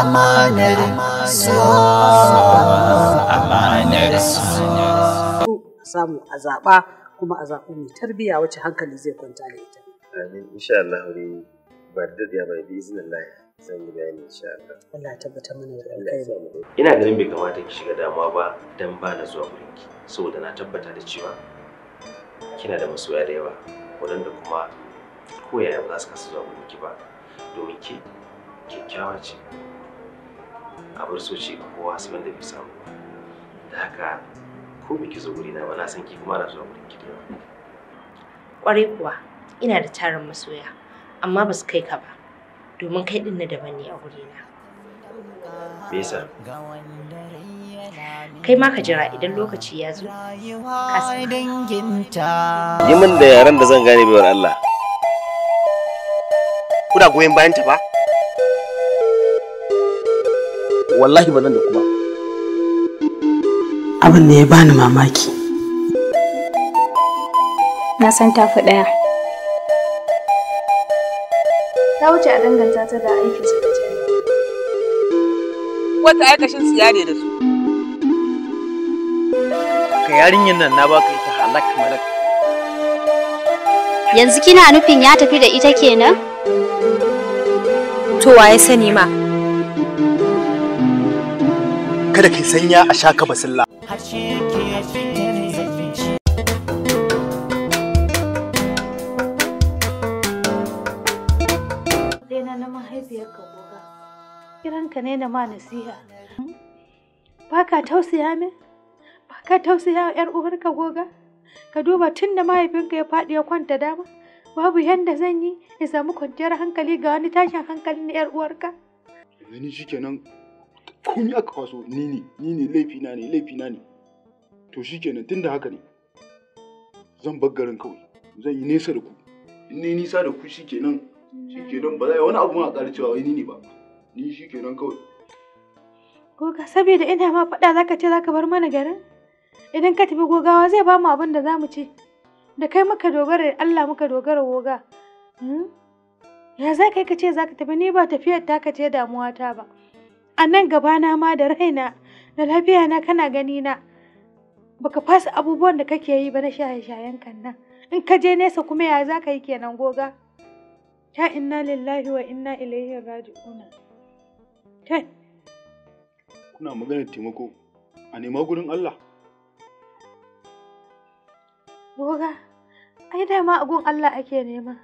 amanar su amanar su samu a zaɓa kuma a zaɓi mai tarbiyya wacce hankali zai kwanta da ita amin insha Allah ne ba da ya bai bi izinin Allah zan yi bayani insha Allah Allah tabbata mana da alkhairi ina ganin bai kamata ki shiga damuwa ba dan ba na zuwa wurin saboda na tabbata da cewa kina da masoya da yawa waɗanda kuma koyaya ba za su kasa zuwa wurin ba domin ki kyakkyawa ce abar so ce ga kowa su wanda bai samu da haka ko biki zo guri na ba na san ki kuma ana zuwa gurin ki da kuwa ina da tarin masoya amma ba su kai ka ba domin kai din na daban ne a wurina. me kai ma ka jira idan lokaci ya zo ka san yi min da yaren da zan gane baiwar Allah kuna goyon bayan ba wallahi ba nan da kuma abin da ya bani mamaki na san ta fi ɗaya ta wuce a danganta ta da aiki su wata aikashin su yare da su ka yarinyar nan na baka ita halak malak yanzu kina nufin ya tafi da ita kenan to waye sani ma kada kai sanya a sha ka basilla na mahaifiyarka goga kiranka ne da ma nasiha ba ka tausaya min ba ka tausaya yar uwarka goga ka duba tun da mahaifinka ya faɗi ya kwanta dama babu yanda zan yi ya samu kwanciyar hankali ga wani tashin hankali na yar uwarka gani shikenan komi aka kwaso ni ne ni ne laifi na ne laifi na ne to shikenan tunda haka ne zan bar garin kawai zan yi nesa da ku in ni nisa da ku shikenan shikenan ba za wani abu ma ƙara cewa wai ni ne ba ni shikenan kawai goga saboda ina ma faɗa zaka ce zaka bar mana garin idan ka tafi gogawa zai ba mu abin da za mu ce da kai muka dogara da Allah muka dogara goga hmm? ya za ka yi ka ce za ka tafi ni ba tafiyar ka ce damuwa ta ba a nan gabana ma da raina da lafiya na kana gani na baka fasa abubuwan da kake yi ba na shaye-shayen kan nan in ka je nesa kuma ya za ka yi kenan goga ta inna lillahi wa inna ilaihi raji'un kai kuna maganar taimako a nema gurin Allah goga ai dama a gun Allah ake nema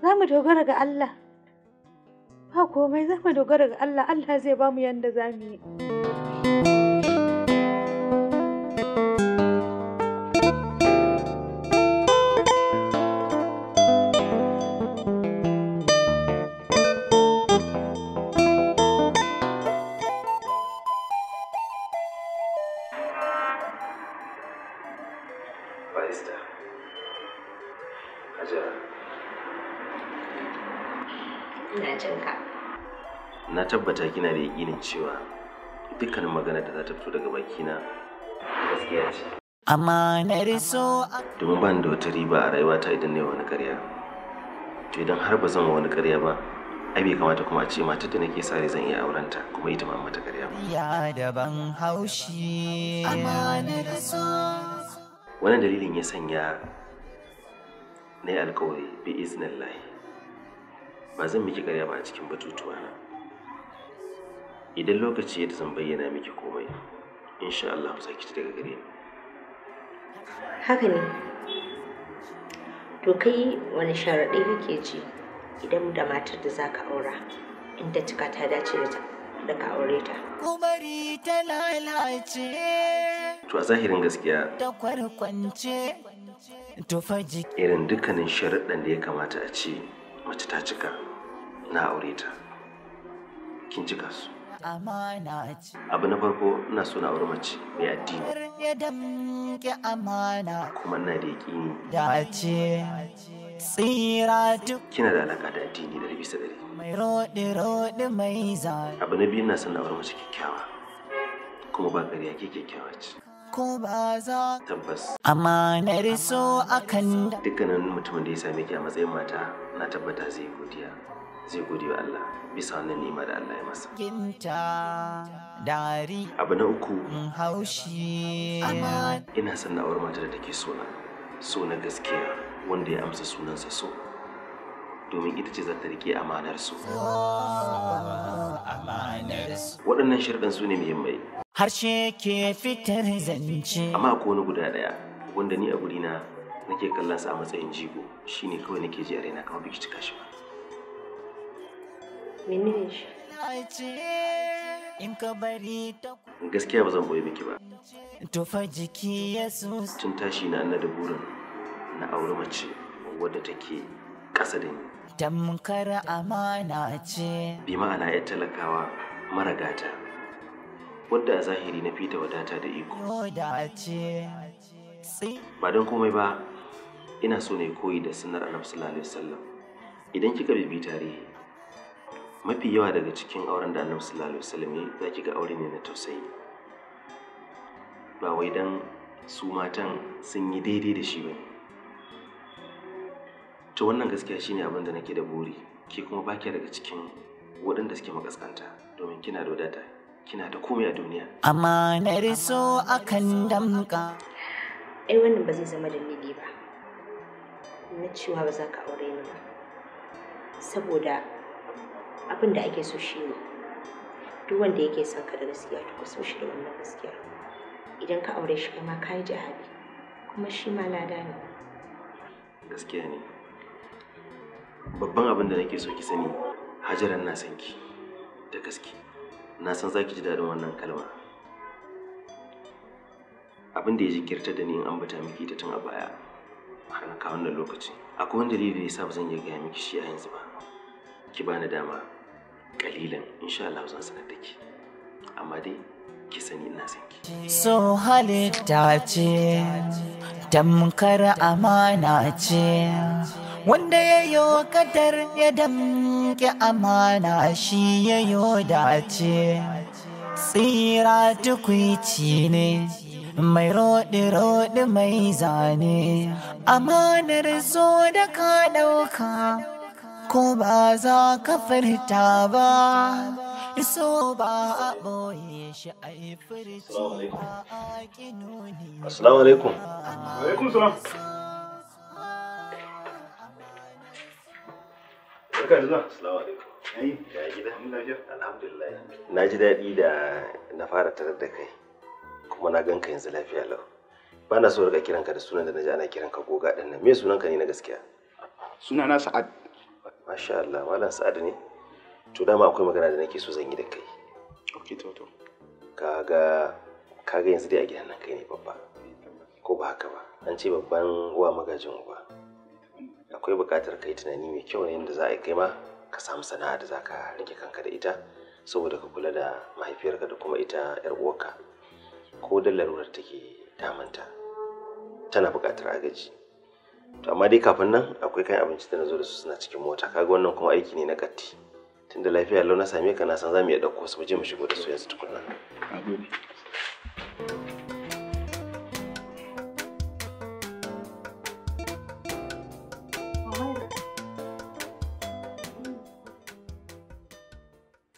za mu dogara ga Allah ba komai zama dogara ga Allah Allah zai bamu yadda za mu yi tabbata kina da yakinin cewa dukkanin magana da za ta fito daga bakina gaskiya ce na riso domin ban da wata riba a rayuwata idan na wani karya to idan har ba zan wa wani karya ba ai bai kamata kuma a ce mata da nake sare zan iya aurenta kuma ita ma mata karya ya ban haushi na riso. wannan dalilin ya sanya na yi alkawari bi iznillahi ba zan miki karya ba a cikin batutuwa na idan lokaci ya zan bayyana miki komai insha Allah za ki daga gare ni haka ne to kai wani sharaɗi kake ji idan da matar da zaka aura inda cika ta dace da ta da ka aure ta kumari ta lalace to a zahirin gaskiya ta kwarkwance irin dukkanin sharaɗin da ya kamata a ce mace ta cika na aure ta kin cika su amana ce. Abu na farko ina so na auri mace mai addini. Ya damke amana. Kuma ina da yaƙini. Da ce tsira duk. Kina da alaƙa da addini da bisa dare. Mai roɗe roɗe mai zane. Abu na biyu ina son na auri mace kyakkyawa. Kuma ba ƙarya ke kyakkyawa ce. ko ba za tabbas amma na riso akan da. dukkanin mutumin da ya same ki a matsayin mata na tabbata zai godiya zai gode wa Allah bisa wannan nema da Allah ya masa ginta dari abu na uku haushi ina son na aure matar da take so na so na gaskiya wanda ya amsa sunansa so domin ita ce za ta rike amanar su. Waɗannan shirɗin su ne muhimmai. Harshe ke fitar zance. Amma ko wani guda ɗaya wanda ni a na nake kallon sa a matsayin jigo shine kawai nake ji a raina kamar biki cika ba. Menene shi? Gaskiya ba zan boye miki ba. Tufa jiki Yesus. Tun tashi na na da burin na auri mace wadda take ƙasa da ni. Tamkar amana ce. Bi ma'ana ya talakawa mara gata. Wadda a zahiri na fita wadata da iko. Ba don komai ba, ina so ne koyi da sunar Annabi sallallahu alaihi wasallam. Idan kika bibi tarihi, mafi yawa daga cikin auren da annabi sallallahu alaihi wasallam yi za ki ga aure ne na tausayi ba wai dan su matan sun yi daidai da shi ba to wannan gaskiya shine abin da nake da buri ke kuma baki daga cikin waɗanda suke makaskanta domin kina da wadata kina da komai a duniya amma na riso akan damka ai wannan ba zai zama dalili ba na cewa ba za ka aure ni ba saboda abin da ake so shi ne duk wanda yake son ka da gaskiya to ka so shi da wannan gaskiya idan ka aure shi kai ma ka yi jihadi kuma shi ma lada ne gaskiya ne babban abin da nake so ki sani hajaran na san ki da gaske na san za ki ji dadin wannan kalma abin da ya jinkirta da ni in ambata miki ta tun a baya har na kawo wannan lokaci akwai wani dalili da sa ba zan iya gaya miki shi a yanzu ba ki bani dama kalilan insha Allah zan sanar da ki amma dai ki sani ina son ki so halitta ce tamkar amana ce wanda ya yi kadar ya damke amana shi ya yi dace tsira tukwici ne mai roɗi-roɗi mai zane amanar zo da ka ɗauka ko ba za ka furta ba iso ba a boye shi a yi furci ba a ƙinoni assalamu alaikum alaikum salam na ji daɗi da na fara tarar da kai kuma na gan ka yanzu lafiya lau ba na so kiran ka da sunan da na ji ana kiranka goga ɗin nan me ka ne na gaskiya suna na sa'ad Masha Allah, Malam Sa'ad ne? To dama akwai magana da nake so zan yi da kai. Ok, to to. Kaga kaga yanzu dai a gidan nan kai ne babba. Ko ba haka ba? An ce babban uwa magajin uba. Akwai buƙatar kai tunani mai kyau ne yadda za a yi kai ma ka samu sana'a da za ka rike kanka da ita saboda ka kula da mahaifiyarka da kuma ita 'yar uwarka. Ko da larurar take damanta tana buƙatar agaji. to amma dai kafin nan akwai kan abinci da na zo da su suna cikin mota kaga wannan kuma aiki ne na katti tunda lafiya lau na same ka na san za mu iya ɗauko su mu je mu shigo da su yanzu tukunna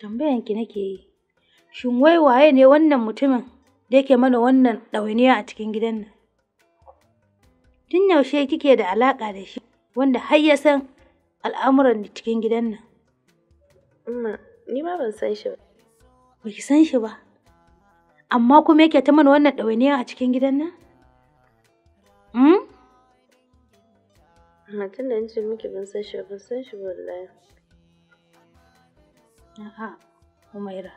tambayan ki nake yi shin wai waye ne wannan mutumin da yake mana wannan ɗawainiya a cikin gidan nan Tun yaushe kike da alaƙa da shi wanda har ya san al'amuran cikin gidan nan? Amma ni ma ban san shi ba. ki san shi ba. Amma kuma yake ta mana wannan ɗawainiya a cikin gidan nan? Hmm? Amma tun da ce miki ban san shi ban san shi wallahi. Aha, Umaira.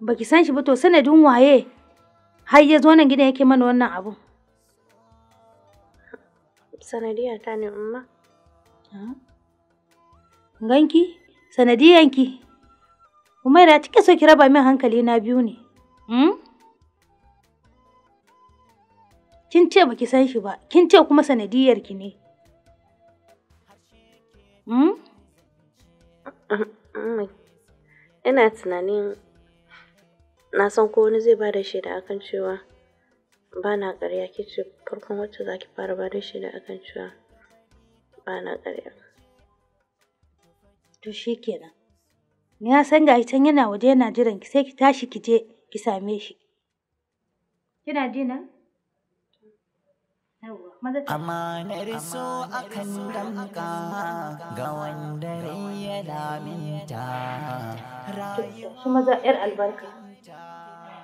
Ba ki san shi ba to sanadin waye har ya zo nan gidan yake mana wannan abun? sanadiyar ta ne umma ganki sanadiyanki kuma da cike so ki raba min hankali na biyu ne hmm? kin ce ki san shi ba kin ce kuma sanadiyar ki ne hmm? ina tunanin na san ko wani zai ba da shaida akan cewa ba na ƙarya ke ce farkon wacce za ki fara ba da shi a kan cewa ba na ƙarya. To shi kenan. Na san ga can yana waje yana jiran ki sai ki tashi ki je ki same shi. Kina ji nan? riso a kan damka ga wanda ya laminta. Shi maza 'yar albarka.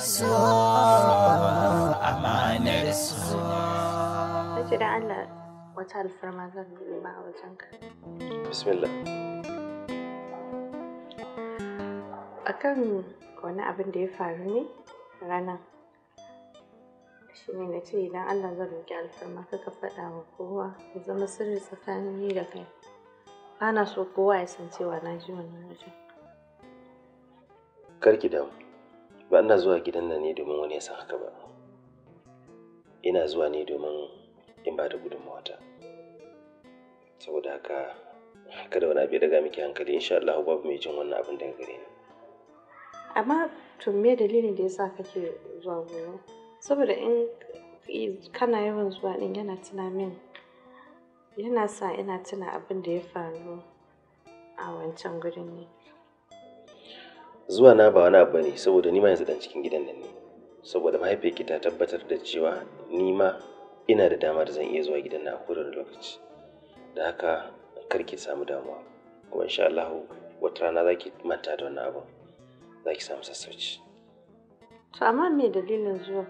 su amanar su kace da Allah wata alfarma zan nema a wajen ka bismillah wani abin da ya faru ne ranar shi ne na ce idan Allah zan roƙi alfarma kaka faɗa wa kowa ya zama sirri tsakanin ni da kai ana so kowa ya san cewa na ji wannan wajen karki damu ba ina zuwa gidan nan ne domin wani ya san haka ba ina zuwa ne domin in ba da gudunmawata saboda haka kada wani abu ya daga miki hankali insha Allah babu mai jin wannan abin daga gare ni amma to me dalilin da yasa kake zuwa gurin saboda in kana yawan zuwa din yana tuna min yana sa ina tuna abin da ya faru a wancan gurin ne zuwa na ba wani abu ne saboda nima yanzu dan cikin gidan nan ne saboda mahaifiyarki ta tabbatar da cewa nima ina da damar zan iya zuwa gidan na kowane lokaci da haka karki samu damuwa kuma insha Allah wata rana zaki manta da wannan abu zaki samu sassauci to amma me dalilin zuwa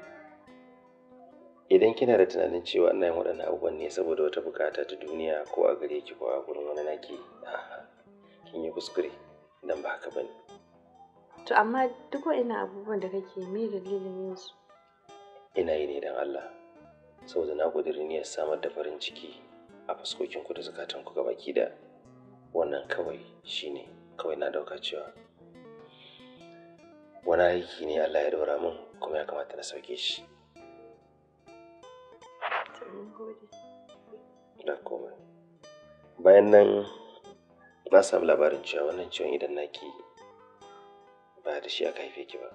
idan kina da tunanin cewa ina yin waɗannan abubuwan ne saboda wata bukata ta duniya ko a gare ki ko a gurin wani naki kin yi kuskure dan ba haka bane To amma duk ina abubuwan da kake me dalilin yin su? Ina yi ne don Allah, saboda na ƙudiri niyyar samar da farin ciki a fuskokin ku da zakatan ku baki da wannan kawai shine kawai na dauka cewa wani aiki ne Allah ya ɗora min kuma ya kamata na sauke shi. Da komai. Bayan nan na samu labarin cewa wannan ciwon idan naki ba da shi aka haife ki ba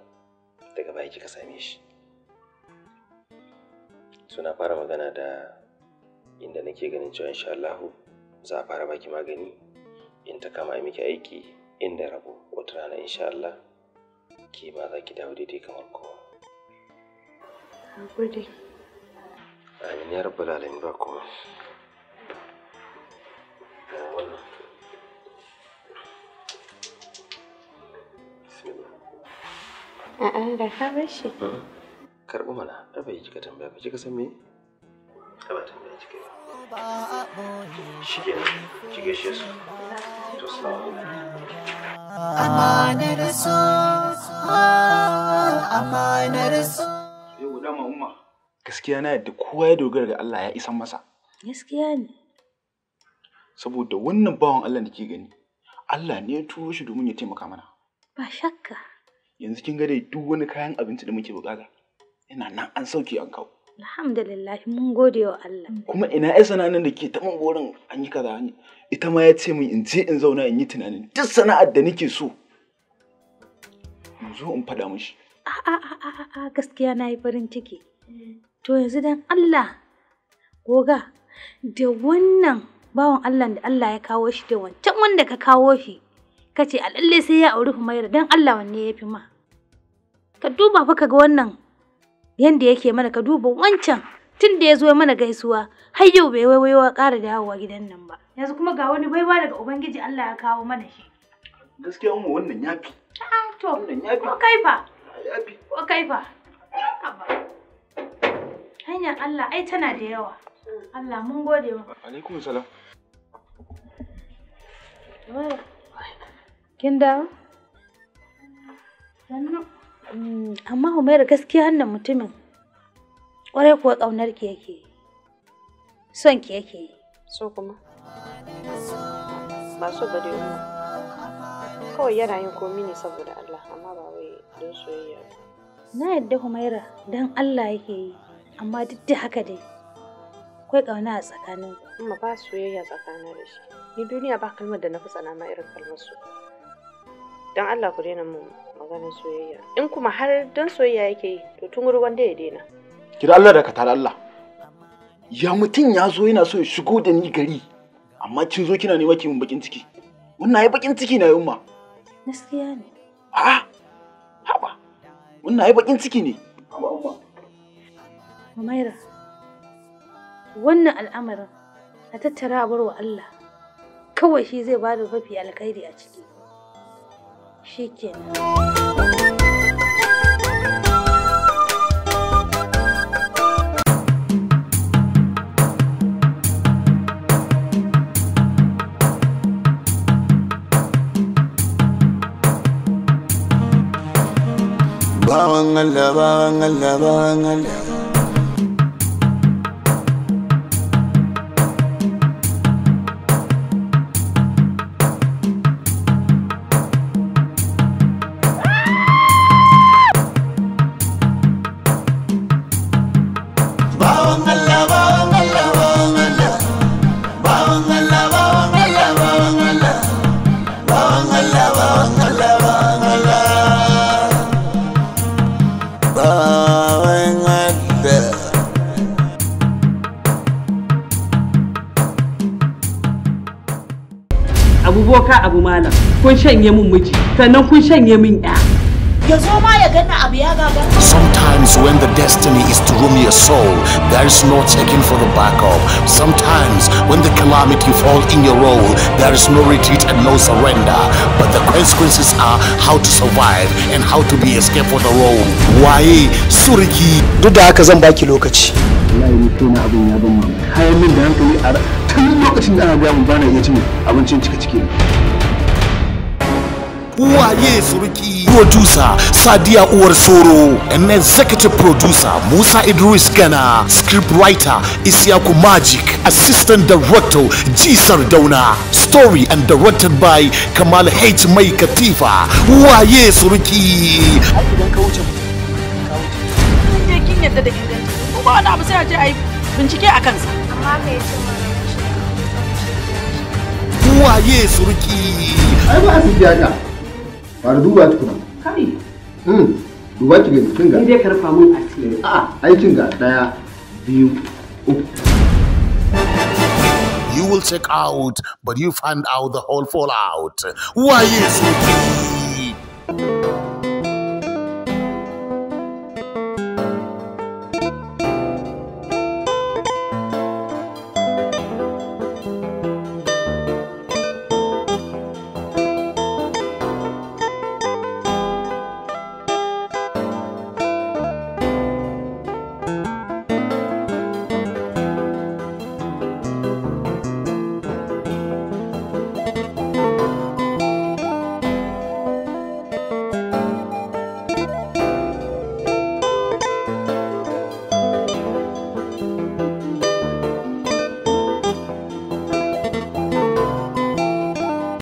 daga baya kika same shi suna fara magana da inda nake ganin cewa insha Allah za a fara baki magani in ta kama miki aiki inda rabo wata rana insha Allah ki ba za ki dawo daidai kamar kowa Amin ya rabbal alamin ba kuma. A'a, da ka shi. Karɓi mana, ai bai kika tambaya ba, kika san me? Ka tambaya kika ba. Shi ke nan, ki gaishe su. To, salamu Amanar so, da ah, so. Yau da umma. Gaskiya na yadda kowa ya dogara ga Allah ya isan masa. Gaskiya ne. Saboda wannan bawan Allah da ke gani, Allah ne ya turo shi domin ya taimaka mana. Ba shakka. yanzu kin ga dai duk wani kayan abinci da muke bukata yana nan an sauke an kawo alhamdulillah mun gode wa Allah kuma ina ai sana'an da ke ta gurin an yi kaza ita ma ya ce min in je in zauna in yi tunanin duk sana'ar da nake so in zo in faɗa mishi a gaskiya na yi farin ciki to yanzu dan Allah goga da wannan bawan Allah da Allah ya kawo shi da wancan wanda ka kawo shi ka ce a lalle sai ya auri Humaira dan Allah wanne ya fi ma. Ka duba fa ka ga wannan yanda yake mana ka duba wancan tun da ya zo mana gaisuwa har yau bai waiwaiwa ƙara dawowa gidan nan ba. Yanzu kuma ga wani baiwa daga Ubangiji Allah ya kawo mana shi. Gaskiya umma wannan ya fi. Ah, to, ko kai fa? Ah, ya Ko kai fa? Hanyar Allah ai tana da yawa. Allah mun gode maka. Alaikum salam. Kinda, mm, Amma Humaira gaskiya hannun mutumin ƙwarai kuwa ƙaunar ki yake Son ki yake So kuma? Ba so ba dai Kawai yana yin komi ne saboda Allah amma ba wai don soyayya ba. Na yadda Humaira don Allah yake yi amma duk da haka dai. akwai ƙauna a tsakanin. Amma ba soyayya tsakanin da shi. Ni duniya ba kalmar da na fi tsana ma irin kalmar su. don Allah ku daina mun maganar soyayya in kuma har don soyayya yake yi to tun ruwan da ya daina kira Allah da ka Allah ya mutum ya zo yana so ya shigo da ni gari amma kin zo kina nema ki mun bakin ciki wannan ai bakin ciki na yumma gaskiya ne Ha? haba wannan ai bakin ciki ne haba umma Umaira wannan al'amarin a tattara barwa Allah kawai shi zai bada mafi alkhairi a ciki شيء كذا ഭാവങ്ങല്ല ഭാവങ്ങല്ല ഭാവങ്ങല്ല kun shanye min miji sannan kun shanye min ya ya zo ma ya ganna abu ya gaga sometimes when the destiny is to ruin your soul there is no checking for the backup sometimes when the calamity fall in your role there is no retreat and no surrender but the consequences are how to survive and how to be escape for the role waye suriki duk da haka zan baki lokaci wallahi ni kaina abin ya ban mamaki har min da hankali a tun lokacin da ana ga mun bana iya cin abincin cika ciki Waye suruki producer sadiya uwar soro and executive producer musa idris gana script writer isiaku magic assistant director Jisar Dauna, story and directed by kamal h mai katifa waye suruki yadda da inganci ko wani abu sai a a yi bincike a kansa amma waye surki ai ba su fara duba tukuna kai mm duba ki gani kinga ni dai karfa mun a ce a ai kinga daya biyu uku You will check out, but you find out the whole fallout. Why is it?